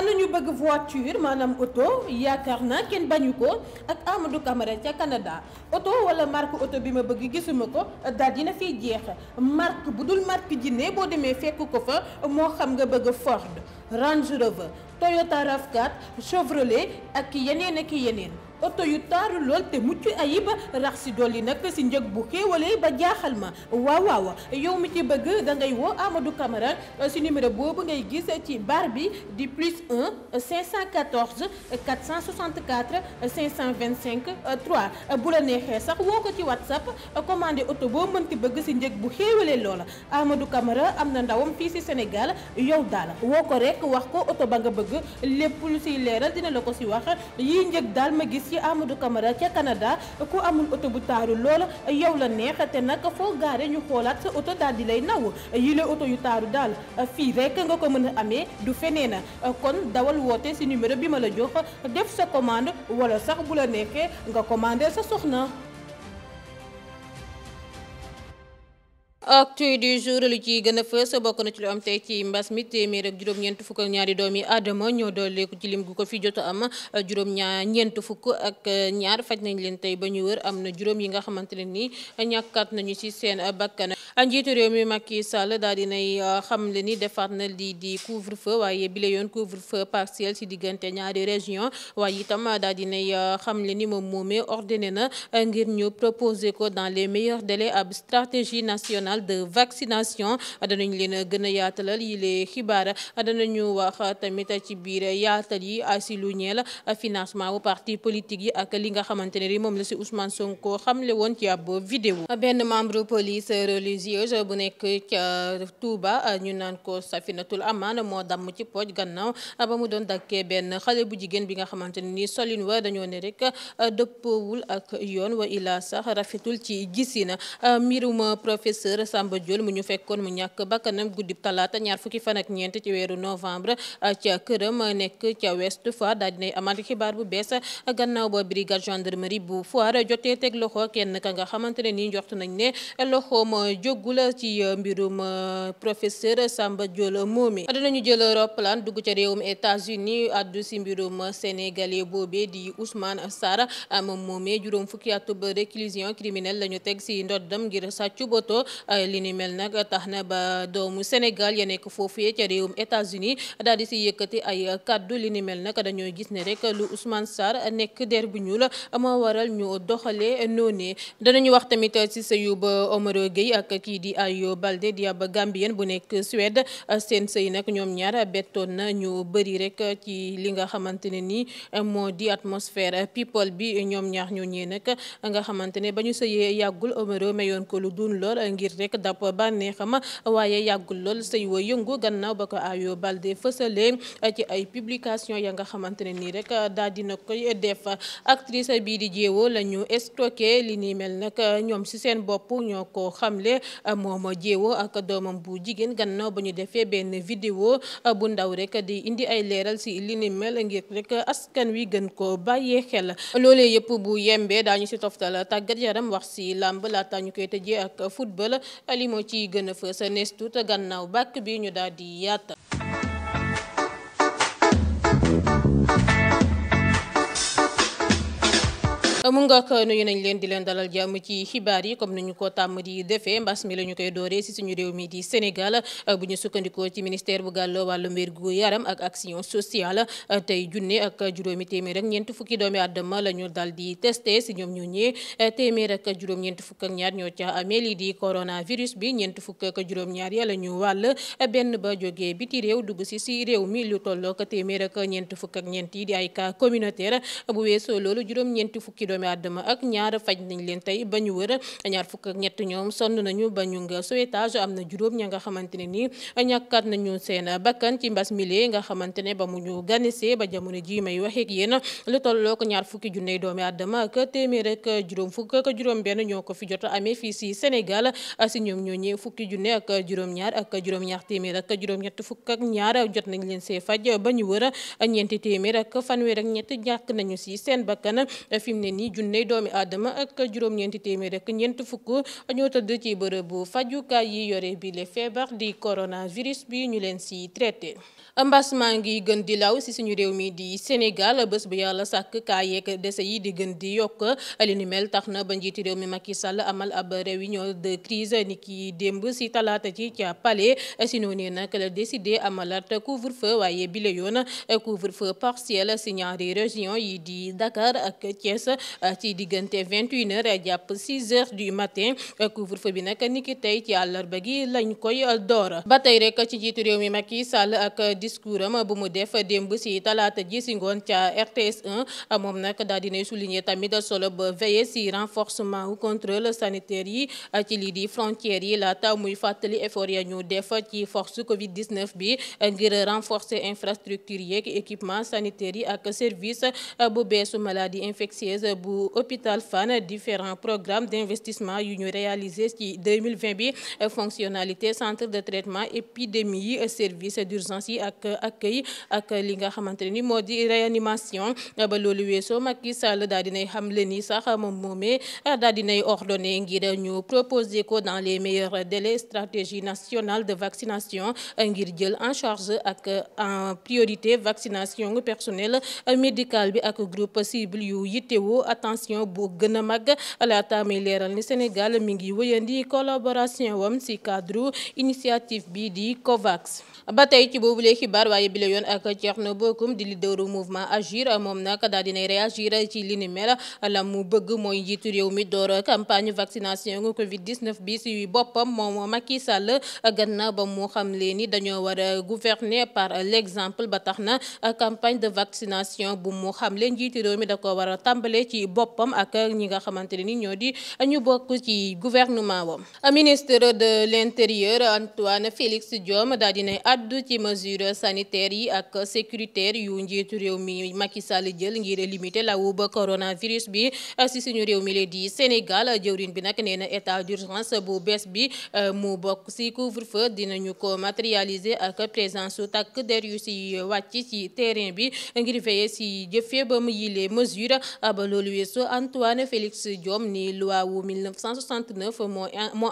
ana ñu bëgg voiture maanaam oto yaakaar naa kenn bañu ko ak Amadou Camara ca Canada oto wala marque oto bi ma bëgg gisuma ko daal dina fiy jeex marque bu dul marque jinne boo demee fekk ko fa moo xam nga bëgg Ford Range Rover Toyota rav Chevrolet ak yeneen ak yeneen. oto yu taaru lool te mucc ayib rax si dolli nag si njëg bu xéewalee ba jaaxal ma waaw yow mi ci bëgg da ngay woo Amadou Camara si numéro boobu ngay gis ci bar bi di plus 1 514 464 525 3 bu la neexee sax woo ko ci WhatsApp commandé oto boo mën mënti bëgg si njëg bu xéewalee loola Amadou Camara am na ndawam fii si Sénégal yow daal woo ko rek wax ko oto ba nga bëgg lépp lu leeral dina la ko si wax yii njëg daal ma gis monsieur Amadou Camara ca Canada ku amul oto bu taaru lool yow la neex te nag foo gaare ñu xoolaat sa oto daal di lay naw yi la oto yu taaru daal fii rek nga ko mën a amee du feneen kon dawal woote ci numéro bi ma la jox def sa commande wala sax bu la nekkee nga commandé sa soxna. actu du jour lu ci gën a fës bokk na ci lu am tey ci mbas mi téeméer ak juróom-ñeent fukk ak ñaari yi aadama ñoo dooleeku ci lim gu ko fi jot a am juróom-ñaar ñeent fukk ak ñaar faj nañ leen tey ba ñu wër am na juróom yi nga xamante ne nii ñàkkaat nañu ci seen a bakkan njiitu réew mi Macky Sall daal dinay euh, xamle ni defaat na di couvre feu waaye bile yoon couvre feu partiel ci diggante ñaari région waaye itam daal dinay euh, xamle ni moom moomee ordonné na euh, ngir ñu proposé ko dans les meilleurs délais ab stratégie nationale de vaccination danañ leen gën a yaatalal yi les xibaar danañu wax tamit ci biir yaatal yi si lu ñeel financement bu parti politique yi ak li nga xamante ne moom la si Ousmane Sonko xamle woon ci ab vidéo benn religieuse bu nekk ca euh, Touba euh, ñu naan ko Safinatul Amaan moo damm ci pooj gannaaw euh, ba mu doon dakkee benn xale bu jigéen bi nga xamante ne ni solin wa dañoo ne rek dëppoowul ak yoon wa ilaa sax rafetul ci gisina mbirum professeur Samba Diol mu ñu fekkoon mu ñàkk bakkanam guddi talaata ñaar fukki fan ak ñeent ci weeru novembre ca këram nekk ca Ouest Foire daal dinay amal xibaar bu bees gannaaw ba brigade gendarmerie bu Foire jotee teg loxo kenn ka nga xamante ne nii jógula ci euh, mbirum euh, professeur Samba Diol Momi danañu jël roppalaan dugg ca réewum États-Unis addu si mbirum sénégalais boobee di Ousmane Sarr moom moomee juróom fukki atub réclusion criminelle la ñu teg si ndoddam ngir sàccu boto li ni mel nag tax na ba doomu Sénégal ya nekk foofuyee ca réewum États-Unis daal di si yëkkati ay kaddu li ni dañoo gis ne rek lu Ousmane Sarr nekk der bu ñuul moo waral ñu doxalee noonee danañu wax tamit si sëyu ba Omaro kii di Ayo Balde di ab Gambien bu nekk Suède seen sëy nag ñoom ñaar bettoon na ñu bëri rek ci li nga xamante ne nii moo di atmosphère pipol bi ñoom ñaar ñoo ñee nag nga xamante ne ba ñu sëyee yàggul Omaro mayoon ko lu duun lool ngir rek dab bànneexam waaye yàggul lool sëy wa yëngu gannaaw ba ko Ayo Balde fësalee ci ay publication ya nga xamante ne nii rek daal koy def actrice bii di jéewoo la ñu li ni mel nag ñoom si seen bopp ñoo ko Euh, moom jéewo ak doomam bu jigéen gannaaw ba ñu defee benn vidéo euh, bu ndaw rekk di indi ay leeral si li ni mel ngir rek askan wi gën ko bàyyee xel loole yëpp bu yembee daañu si toftal tàggat yaram wax si làmb laata ñu koy tëjee ak football li moo ci gën a fës nees gannaaw bàkk bi ñu daal yaata mu nga ko nuyu nañ leen di leen dalal jàmm ci xibaar yi comme ni ñu ko tàmm di defee mbas mi la ñu koy dooree si suñu réew mi di Sénégal bu ñu sukkandikoo ci ministère bu gàlloo wàllu mbir gu yaram ak action sociale tey junne ak juróomi téeméer ñeent fukki doomi àddama la ñu di testé si ñoom ñu téeméer ak juróom ñeent fukk ak ñaar ñoo ca amee lii di coronavirus bi ñeent fukk ak juróom-ñaar ya la ñu wàll benn ba jógee biti réew dugg si si réew mi lu tolloo ko téeméer ak ñeent fukk ak ñeent yi di ay cas communautaire doomi àddama ak ñaar faj nañ leen tey ba ñu wër ñaar fukk ak ba ñu nga sauvetage am na juróom ña nga xamante ne nii ñàkkaat nañu bakkan ci mbas mile nga xamante ne ba mu ñu ganese ba jamono ji may waxee ak yéen lu tollook ñaar fukki junney doomi àddama ak téeméer ak juróom fukk ak juróom benn ñoo ko fi jot fii si Sénégal si ñoom ñoo ñee fukki junne fukk ak ñaar jot nañ leen see faj ba ñu wër ñeenti téeméer ak fanweer ak ñett ñàkk nañu si seen bakkan a mu ne ni junney doomi aadama ak juróom-ñeenti téeméer rek ñeent fukk ñoo tëdd ci bërëbu fajukaay yi yore bi le feebar di coronavirus bi ñu leen si traité. mbas maa ngi gën di law si suñu réew mi di Sénégal bés bu yàlla sàkk kaa yeeg dese yi di gën di yokk li mel tax na ba njiiti réew mi Macky Sall amal ab réunion de crise ni ki démb si talaata ci ca palais si noonu nag la décidé amalat couvre-feu waaye bile yoon couvre-feu partiel Euh, ci diggante 21h euh, jàpp 6h du matin euh, couvre-feu bi nag niki tey ci àllarba gi lañ koy door ba tey rek ci jiitu réew mi Macky Sall ak discours bu mu def démb si talaata ji si ngoon ca RTS 1 moom nag daal dinay souligner tamit solo ba veiller si renforcement wu contrôle sanitaire yi ci li di frontières yi laata muy fàttali effort ya ñu def ci force Covid 19 bi ngir renforcer infrastructure yeeg équipement sanitaire yi ak service bu beesu maladie infectieuse bu hôpital Fann différents programmes d'investissement yu ñu réalisé ci 2020 bi fonctionnalité centre de traitement épidémie yi service d'urgence yi ak accueil ak li nga xamante ni moo di réanimation ba loolu weesoo Macky Sall daal dinay xamle ni sax moom moomee daal dinay ordonné ngir ñu proposer ko dans les meilleurs délais stratégie nationale de vaccination ngir jël en charge ak en priorité vaccination personnel médical bi ak groupe cible yu yittewoo attention bu gën a mag laata may leeral ni Sénégal mi ngi wëyandi collaboration wam ci cadre initiative bi di COVAX. ba tey ci boobu boobule xibaar waaye bi la yoon ak Thierno Bocoum di leaderu mouvement Agir moom nag daal dinay réagir ci li ni mel la mu bëgg mooy njiitu réew mi door campagne vaccination Covid 19 bi ci boppam moom Macky Sall gannaaw ba mu xam leen ni dañoo war a gouverner par l'exemple ba tax na campagne de vaccination bu mu xam a ci boppam ak ñi nga xamante ne ni ñoo di ñu bokk ci gouvernement wam ministre de l'intérieur Antoine Félix Diome daal dinay addu ci mesures sanitaire yi ak sécuritaires yu njiitu réew mi Macky Sall jël ngir limiter la wuuba coronavirus bi si suñu réew mi la di Sénégal jëwriñ bi nag nee na état d'urgence bu bees bi euh, mu bokk si couvre dina ñu ko matérialisé ak présence su takk der yu si wàcc ci terrain bi ngir veiller si jëfee ba yilee mesure euh, ba lu weesu Antoine Félix Diome ni loi wu 1969 moo moo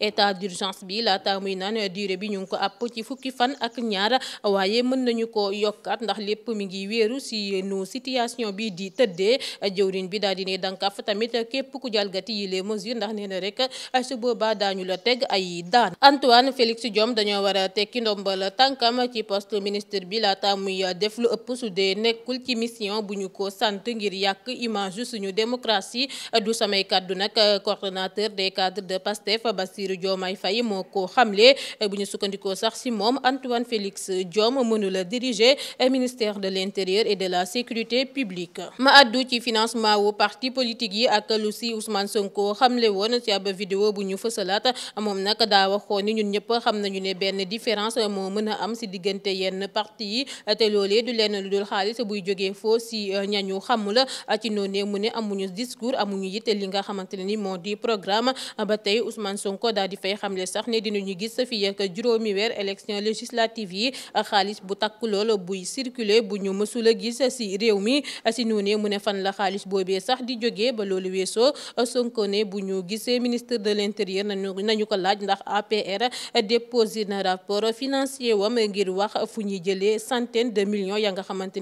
état d'urgence bi laata muy naan durée bi ñu ngi ko àpp ci fukki fan ak ñaar waaye mën nañu ko yokkaat ndax lépp mi ngi wéeru si nu situation bi di tëddee jëwriñ bi daal di ne dankaf tamit képp ku jalgati yi les mesures ndax nee na rek su boobaa daañu la teg ay daan Antoine Félix Diome dañoo war a tekki ndombal tànkam ci poste ministre bi laata muy def lu ëpp su dee nekkul ci mission bu ñu ko sant ngir image suñu démocratie du samay kàddu nag coordonnateur des cadres de PASTEF Bassirou Diomaye Faye moo ko xamle bu ñu sukkandikoo sax ci moom Antoine Félix Diome mënula diriger ministère de l'intérieur et de la sécurité publique. ma àddu ci financement wu parti politique yi ak lu ci Ousmane Sonko xamle woon ci ab vidéo bu ñu fësalaat moom nag daa waxoon ni ñun ñëpp xam nañu ne benn différence moo mën am ci diggante yenn parti yi te loolee du lenn lu noonee mu ne amuñu discours amuñu it li nga xamante ne ni moo di programme ba tey Ousmane Sonko daal di fay xamle sax ne dinañu gis fii ak juróomi weer élection législative yi xaalis bu takk lool buy circuler bu ñu mësul a gis si réew mi si noonee mu ne fan la xaalis boobee sax di jógee ba loolu weesoo Sonko ne bu ñu gisee ministre de l'intérieur nañu ko laaj ndax APR déposé na rapport financier wam ngir wax fu ñu jëlee centaine de millions ya nga xamante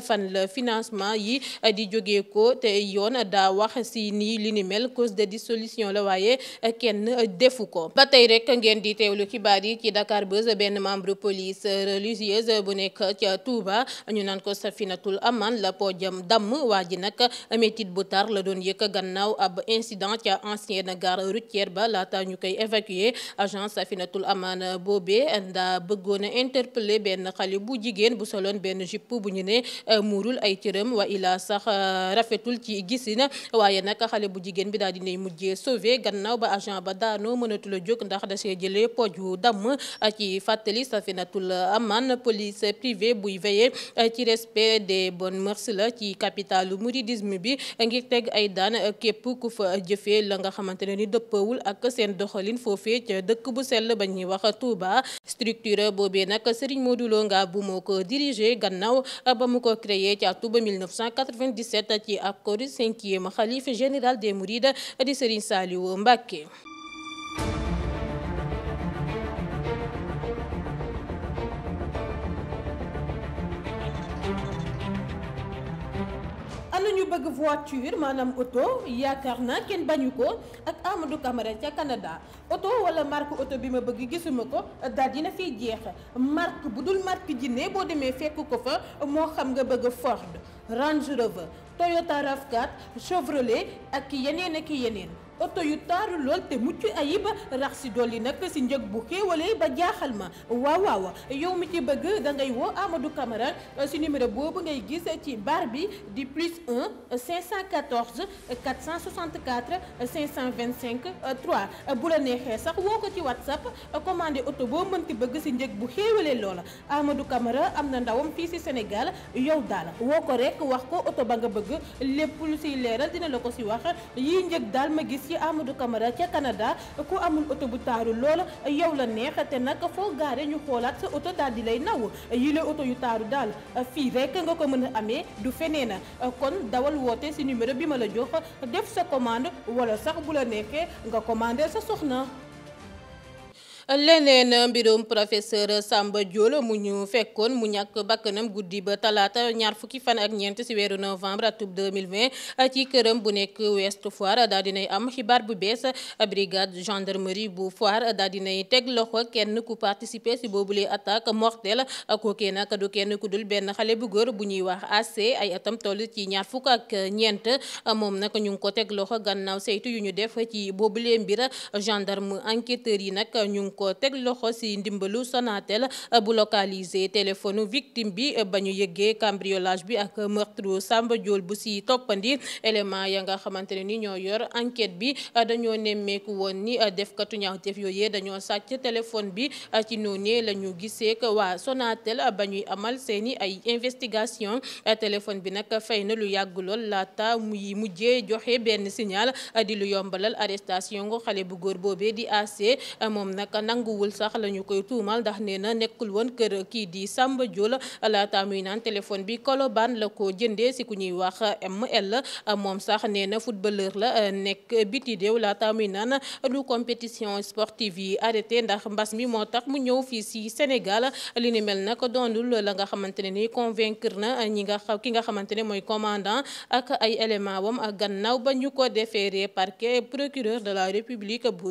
fan la financement yi eh, di jógee ko te yoon daa wax si nii li ni mel cause de dissolution la waaye eh, kenn defu ko ba tey rek ngeen di teewlu xibaar yi ci Dakar Buzz benn membre police religieuse bu nekk ca Touba ñu naan ko Safinatul Aman la po jam damm waa ji nag métit bu tar la doon yëkk gannaaw ab incident ca ancienne gare routière ba laata ñu koy évacuer agence Safinatul Aman boobee eh, ndaa bëggoon a benn xale bu jigéen bu soloon benn jupe bu Euh, muurul ay cëram wa ilaa sax euh, rafetul ci gisina waaye nag xale bu jigéen bi daal dinay mujjee sauvé gannaaw ba agent ba daanoo mënatul a jóg ndax da see jëlee poj wu damm euh, ci fàttali Safinatul Aman police privée buy veiller ci respect des bonnes mœurs la ci capitalu mouridisme bi ngir teg ay daan képp ku fa jëfee la nga xamante ne ni dëppawul ak seen doxalin foofee ca dëkk bu sell ba ñuy wax Touba structure boobee nag Serigne Modou nga bu moo ko dirigé gannaaw ko créé ci atub 1997 ci accord cinquième xalife général des Mourides di Serigne Saliou Mbacké ana ñu bëgg voiture maanaam oto yaakaar naa kenn bañu ko ak Amadou Camara ca Canada oto wala marque oto bi ma bëgg gisuma ko daal na fiy jeex a marque bu dul marque jinne boo demee fekk ko fa moo xam nga bëgg Ford Range Rover Toyota RAV4 Chevrolet ak ki yeneen ak yeneen oto yu taaru lool te mucc ayib rax si dolli nag si njëg bu xéewalee ba jaaxal ma waaw waaw yow mi ci bëgg da woo Amadou Camara si numéro boobu ngay gis ci bar bi di plus 1 514 464 525 3 bu la neexee sax woo ko ci WhatsApp commandé oto boo mën mënti bëgg si njëg bu xéewalee loola Amadou Camara am na ndawam fii si Sénégal yow daal woo ko rek rek wax ko oto ba nga bëgg lépp lu siy leeral dina la ko si wax yii njëg daal ma gis ci Amadou Camara ca Canada ku amul oto bu taaru lool yow la neex te nag foo gaare ñu xoolaat sa oto daal di lay naw yi la oto yu taaru daal fii rek nga ko mën a amee du feneen kon dawal woote si numéro bi ma la jox def sa commande wala sax bu la neexee nga commandé sa soxna. leneen mbirum professeur Samba Diol mu ñu fekkoon mu ñàkk bakkanam guddi ba talaata ñaar fukki fan ak ñeent ci weeru novembre atub 2020 ci këram bu nekk Ouest Foire daa dinay am xibaar bu bees brigade gendarmerie bu Foire daa dinay teg loxo kenn ku participer ci boobule attaque mortelle kookee nag du kenn ku dul benn xale bu góor bu ñuy wax AC ay atam toll ci ñaar fukk ak ñeent moom nag ñu ngi ko teg loxo gannaaw seytu yu ñu def ci boobule mbir gendarme enquêteurs yi nag ko teg loxo ci ndimbalu Sonatel bu localiser téléphone victime bi ba ñu yëggee cambriolage bi ak meurtre Samba Diol bu ci toppandi élément ya nga xamante ne ni ñoo yor enquête bi dañoo nemmeeku woon ni defkatu ñaawteef yooyee dañoo sàcc téléphone bi ci noonu la ñu gisee que waa Sonatel ba ñuy amal seeni ay investigation téléphone bi nag fay na lu yàgg lool laata muy mujjee joxe benn signal di lu yombalal arrestation xale bu góor boobee di AC moom nag nanguwul sax la ñu koy tuumal ndax nee na nekkul woon kër kii di Samba Diol laata muy naan téléphone bi Colobane la ko jëndee si ku ñuy wax ML moom sax nee na footballeur la nekk biti déew laata muy naan lu compétition sportive yi arrêté ndax mbas mi moo tax mu ñëw fii si Sénégal li ni mel nag doonul la nga xamante ne nii convaincre na ñi nga ki nga xamante ne mooy commandant ak ay élément wam ak gannaaw ba ñu ko déféré parquet procureur de la République bu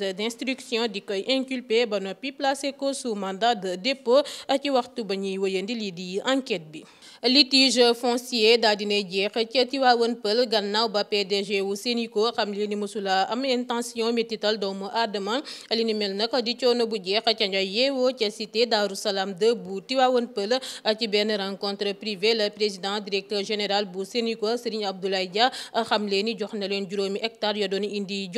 juge d'instruction di koy inculpé ba noppi placé ko sous mandat de dépôt ci waxtu ba ñuy ndi lii di enquête bi. litige foncier daa dinay jeex ca Tivaouane Peulh gannaaw ba PDG wu Sénico xam li ni mosula am intention métital doomu aadama li ni mel nag di coono bu jeex ca ñooy yeewoo ca cité Darou Salam 2 bu Tivaouane a ci benn rencontre privée le président directeur général bu Sénico Serigne Abdoulaye Dia xam leen ni jox na leen juróomi hectare ya doon indi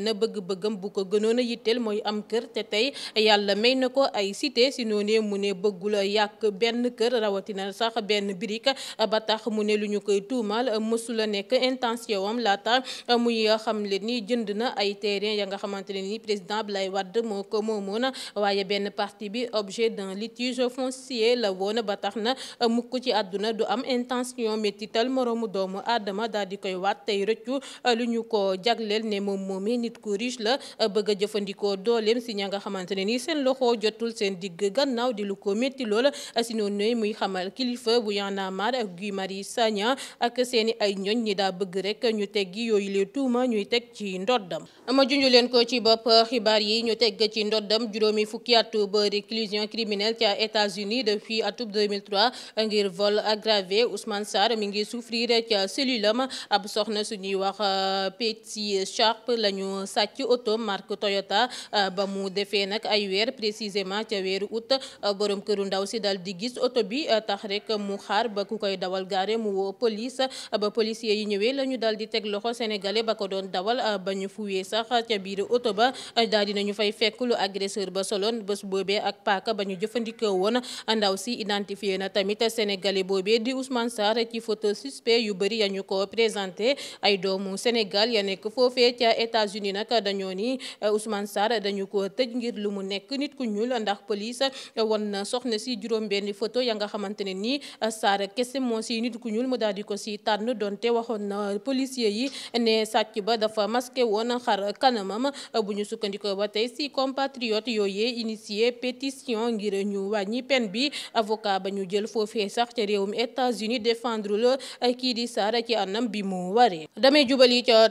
nee na bëgg-bëggam bu ko gënoon a yitteel mooy am kër te tey yàlla may na ko ay cité si noonee mu ne bëggul a yàq benn kër rawatina sax benn birik ba tax mu ne lu ñu koy tuumaal mësula nekk intention am laata muy xamle ni jënd na ay terrain ya nga xamante ne ni président bi Abdoulaye Wade moo ko moomoon waaye benn partie bi objet d'un litige foncier la woon ba tax na mukk ci àdduna du am intention métital moroomu doomu aadama dal di koy waat tey rëccu lu nit ku riche la euh, bëgg a jëfandikoo dooleem si ña nga xamante ne ni seen loxo jotul seen digg gannaaw di lu ko métti lool euh, si muy xamal kilifa bu Y'en a marre ak euh, Guy Marius Sagna ak seeni ay ñoñ ñi daa bëgg rek ñu teggi yooyu lee tuuma ñuy teg ci ndoddam ma junj leen ko ci bopp xibaar yi ñu tegg ci ndoddam juróomi fukki atu ba réclusion criminelle ca États-Unis depuis atub 2003 ngir vol aggravé Ousmane Sarr mi ngi souffrir ca cellulam ab soxna suñuy wax Patsy doon sàcc oto marque Toyota euh, ba mu defee nag ay weer précisément ca weeru août euh, borom këru ndaw si dal di gis oto bi euh, tax rek mu xaar ba ku koy dawal gaare mu woo police ba policier yi ñëwee la ñu dal di teg loxo sénégalais ba ko doon dawal ba ñu fuwee sax ca biir oto ba daal nañu fay fekk lu agresseur ba soloon bés boobee ak paaka ba ñu jëfandikoo woon ndaw si identifié na tamit sénégalais boobee di Ousmane Sarr ci photo suspect yu bëri ya ñu ko présenté ay doomu ñi nag dañoo ni eh, Ousmane Sarr dañu ko tëj ngir lu mu nekk nit ku ñuul ndax police eh, wan na soxna si juróom-benn photo ya nga xamante ne nii eh, Sarr kese moo si nit ku ñuul mu daal di ko si tànn donte waxoon na policier yi ne sàcc ba dafa masqué woon xar kanamam bu ñu sukkandikoo ba tey si compatriote yooyee initié pétition ngir ñu wàññi peine bi avocat ba ñu jël foofee sax ca réewum États-Unis défendre la kii di Sarr ci anam bi mu waree damay jubali ca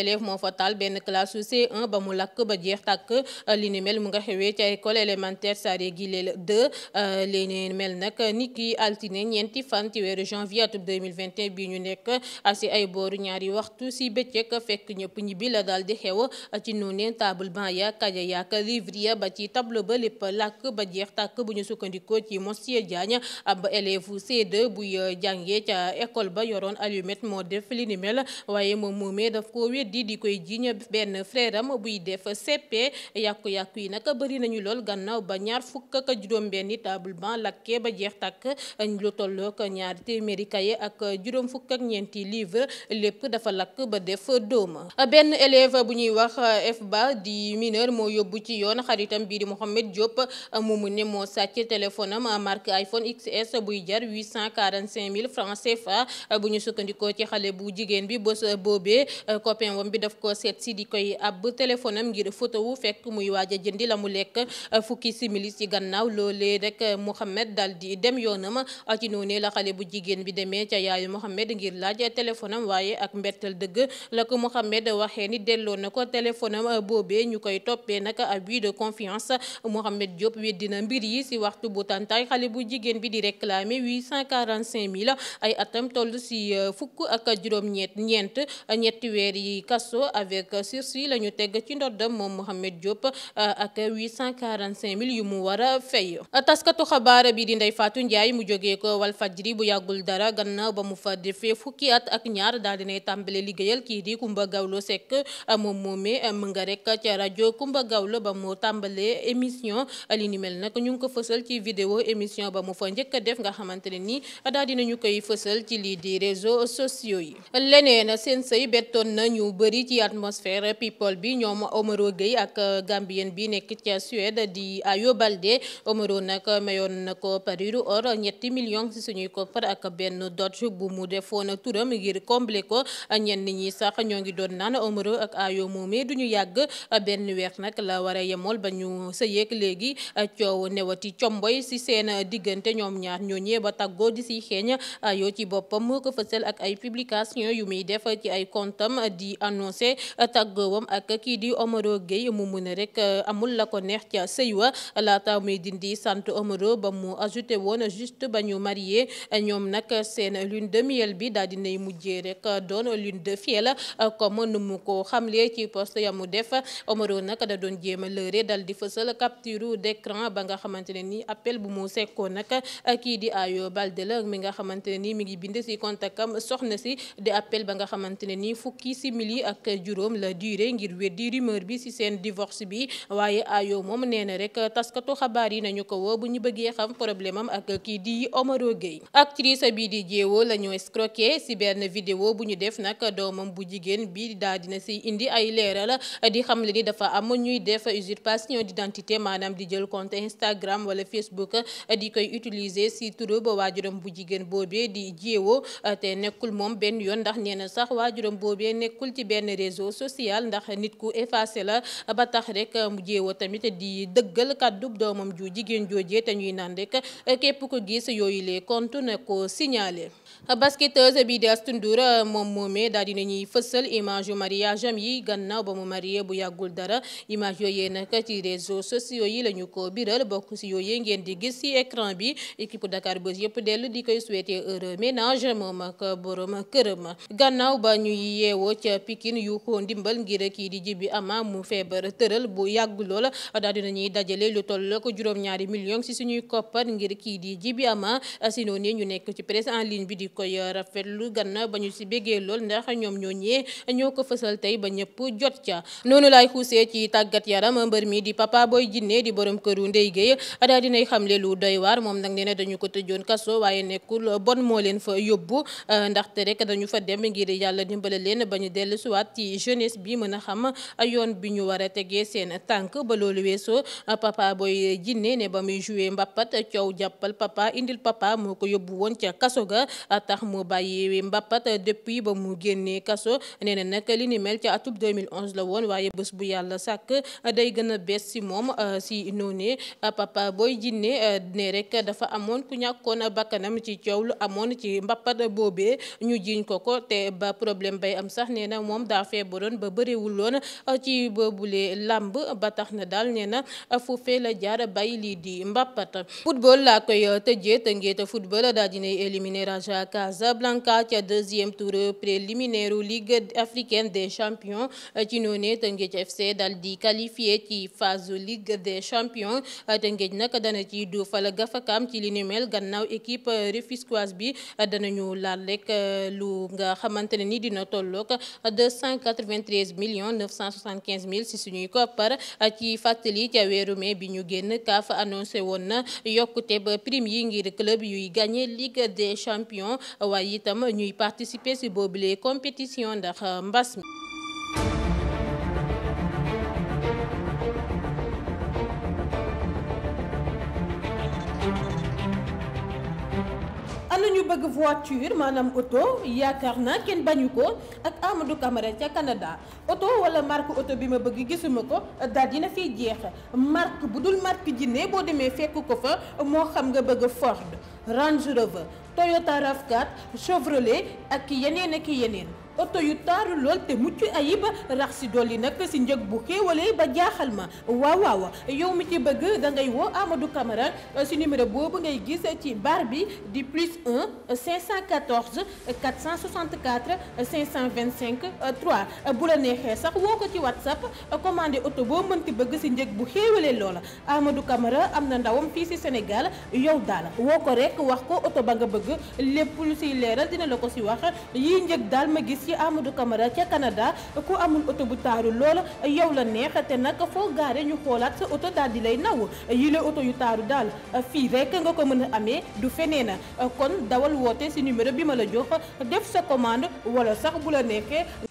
élèves moo fa taal benn classe c ba mu lakk ba jeex tàkk euh, li ni mel mu nga xewee ca école élémentaire Saré Guilel 2 euh, li ni mel nag nit ki altine ñeenti fan ci weeru janvier atum 2021 bi ñu nekk si ay booru ñaari waxtu si bëccëg fekk ñëpp ñibbi la daal di xew ci noonu table banc ya kaja ya livre ya ba ci tableau ba lépp làkk ba jeex tàkk bu ñu sukkandikoo ci monsieur Diagne ab élève C2 buy euh, jàngee ca école ba yoroon allumette moo def li waaye moom moomee weddi di koy jiiñ benn frère buy def CP yàqu-yàqu yi nag bëri nañu lool gannaaw ba ñaar fukk ak juróom-benni table banc lakkee ba jeex tàkk lu tollook ñaar téeméeri kaye ak juróom fukk ak ñeenti livre lépp dafa lakk ba def dóoma benn élève bu ñuy wax FBA di mineur moo yóbbu ci yoon xaritam bii di Mohamed Diop mu mu ne moo sàcc téléphone am marque iPhone XS buy jar 845 000 francs CFA bu ñu sukkandikoo ci xale bu jigéen bi bés boobee copain ñawam bi daf ko seet si di koy ab téléphone ngir photo wu fekk muy waaj a jëndi la mu lekk euh, fukki simili ci gannaaw loolee rek euh, Mohamed daal di dem yoonam euh, ci noonee la xale bu jigéen bi demee ca yaayu Mohamed ngir laaj téléphone am waaye ak mbettal dëgg la ko Mohamed waxee ni delloo na ko téléphone am boobee ñu koy toppee nag abus de confiance Mohamed Diop weddi na mbir yi si waxtu bu tàntaay xale bu jigéen bi di réclamer 845 000 ay atam toll si fukk kaso avec euh, sursis la ñu teg ci ndoddam moom Mohamed Diop euh, ak 845 000 yu mu war a fay taskatu xabaar bi di Ndeye Fatou njaay mu jógee ko Walf ri bu yàggul dara gannaaw ba mu fa defee fukki at ak ñaar daal dinay tàmbalee liggéeyal kii di Kumba Gawlo Seck euh, moom moomee mu nga rek ca rajo Kumba Gawlo ba mu tàmbalee émission li mel nag ñu ngi ko fësal ci vidéo émission ba mu fa njëkk a def nga xamante ne nii daal nañu koy fësal ci lii di réseaux sociaux yi leneen mu bëri ci atmosphère people bi ñoom Omaro Gueye ak euh, Gambien bi nekk ca Suède di Ayo Baldé Omaro nag mayoon na ko pariru or ñetti million ci suñuy koppar ak benn dot bu mu defoon turam ngir combler ko ñenn ñi sax ñoo ngi doon naan Omaro ak Ayo du duñu yàgg benn weex nag la war a yemool ba ñu sëyeeg léegi coow newati comboy ci seen diggante ñoom ñaar ñooñee ba tàggoo di si xeeñ Ayo ci boppam moo ko fësal ak ay publication yu muy def ci ay comptam annoncé euh, tàggoowam ak kii di Omaro Gueye mu mu ne rek euh, amul la ko neex ca sëy wa laata muy dindi sant Omaro ba mu ajouté woon juste ba ñu marié ñoom nag seen lune de miel bi daal dinay mujjee rek doon lune de fiel comme nu mu ko xamlee ci poste ya mu def Omaro nag da doon jéema a lëre dal di fësal capture d'écran ba nga xamante ne ni appel bu mu sekkoon nag kii di Ayo Balde la mi nga xamante ne ni mi ngi bind si contact am soxna si di appel ba nga xamante fukkeeli ak juróom la durée ngir weddi rumeur bi ci seen divorce bi waaye ayo moom nee na rek taskatu xabaar yi nañu ko bu ñu bëggee xam problème ak kii di Omaro Gueye actrice bi di jéewoo la ñu escroqué ci benn vidéo bu ñu def nag doomam bu jigéen bi daa dina ci indi ay leeral di xam le ni dafa am ñuy def usurpation d'identité maanaam di jël compte Instagram wala Facebook di koy utiliser ci turu ba waajuram bu jigéen boobee di jéewoo te nekkul moom benn yoon ndax nee na sax waajuram benn réseau sociale ndax nit ku effacé la ba tax rek mu jéewa tamit di dëggal kàddu doomam ju jigéen joojee te ñuy naan rek képp ko gis yooyu les compte na ko signalé Euh, basketteuse bi di Astou Ndour euh, moom moomee daal dina ñuy fësal image yu mariage am yi gannaaw ba mu marié bu yàggul dara image yooyee nag ci réseaux sociaux yi la ñu ko biral bokk si yooyee ngeen di gis si écran bi équipe Dakar Buzz yëpp dell di koy souhaiter heureux ménage moom ak borom ma gannaaw ba ñuy yeewoo ca Pikine yu ko ndimbal ngir kii di Djiby Ama mu feebar tëral bu yàggu dal di na ñuy dajale lu toll ko juróom-ñaari millions si suñuy koppar ngir kii di Djiby ci presse di koy rafetlu gannaaw ba ñu si béggee lool ndax ñoom ñoo ñee ñoo ko fësal tey ba ñëpp jot ca noonu laay xuusee ci tàggat yaram mbër mi di Papa Boy Djiné di borom këru Ndeye Gueye daal dinay xamle lu doy waar moom nag nee na dañu ko tëjoon kaso waaye nekkul bon moo leen fa yóbbu ndaxte rek dañu fa dem ngir yàlla dimbale leen ba ñu dellu siwaat ci jeunesse bi mën a xam yoon bi ñu war a tegee seen tànk ba loolu weesoo Papa Boy Djiné ne ba muy joué mbappat tax mu bàyyi mbappat depuis ba mu génnee kaso nee na nag li ni mel ca atub 2011 la woon waaye bés bu yàlla sàkk day gën a bees si moom si euh, noonee euh, Papa Boy Djiné euh, ne rek dafa amoon ku ñàkkoon bakkanam ci coow lu amoon ci mbappat boobee ñu jiiñ ko ko te ba problème bay am sax nee na moom daa feebaroon ba bëriwul woon ci boobule làmb ba tax na daal nee foofee la jaar bàyyi lii di mbappat football laa koy tëjee tëngeeta football daa dinay éliminer Raja à Casablanca ca deuxième tour préliminaire Ligue africaine des champions ci noonee Teungueth FC dal di qualifié ci phase Ligue des champions Teungueth nag dana ci duufal gafakam ci li gannaaw équipe rufisquoise bi danañu laal rek euh, lu nga xamante ne ni dina tolloog 293 millions 975 mille si suñuy koppar ci fàttali ca weeru mai bi ñu génn CAF annoncé na yokkute ba prime yi ngir club yuy gagné Ligue des champions waaye itam ñuy participer ci boobule compétition ndax euh, mbas mi. bëgg voiture maanaam auto yaakaar naa kenn bañu ko ak Amadou Camara ca Canada auto wala marque auto bi ma bëgg gisuma ko daal dina fiy jeex marque bu dul marque jinne boo demee fekk ko fa moo xam nga bëgg Ford Range Rover Toyota RAV4 Chevrolet ak yeneen ak yeneen oto yu taaru lool te mucc ayib rax si dolli nag si njëg bu xéewalee ba jaaxal ma waaw yow mi ci bëgg da woo Amadou Camara si numéro boobu ngay gis ci bar bi di plus 1 514 464 525 3 bu la neexee sax woo ko ci WhatsApp commandé oto boo mën mënti bëgg si njëg bu xéewalee loola Amadou Camara am na ndawam fii si Sénégal yow daal woo ko rek wax ko oto ba nga bëgg lépp lu leeral dina la ko si wax yii njëg daal ma gis ci Amadou Camara ca Canada ku amul oto bu taaru lool yow la neex te nag foo gaare ñu xoolaat sa oto daal di lay naw yile oto yu taaru daal fii rek nga ko mën a amee du feneen kon dawal woote ci numéro bi ma la jox def sa commande wala sax bu la nekkee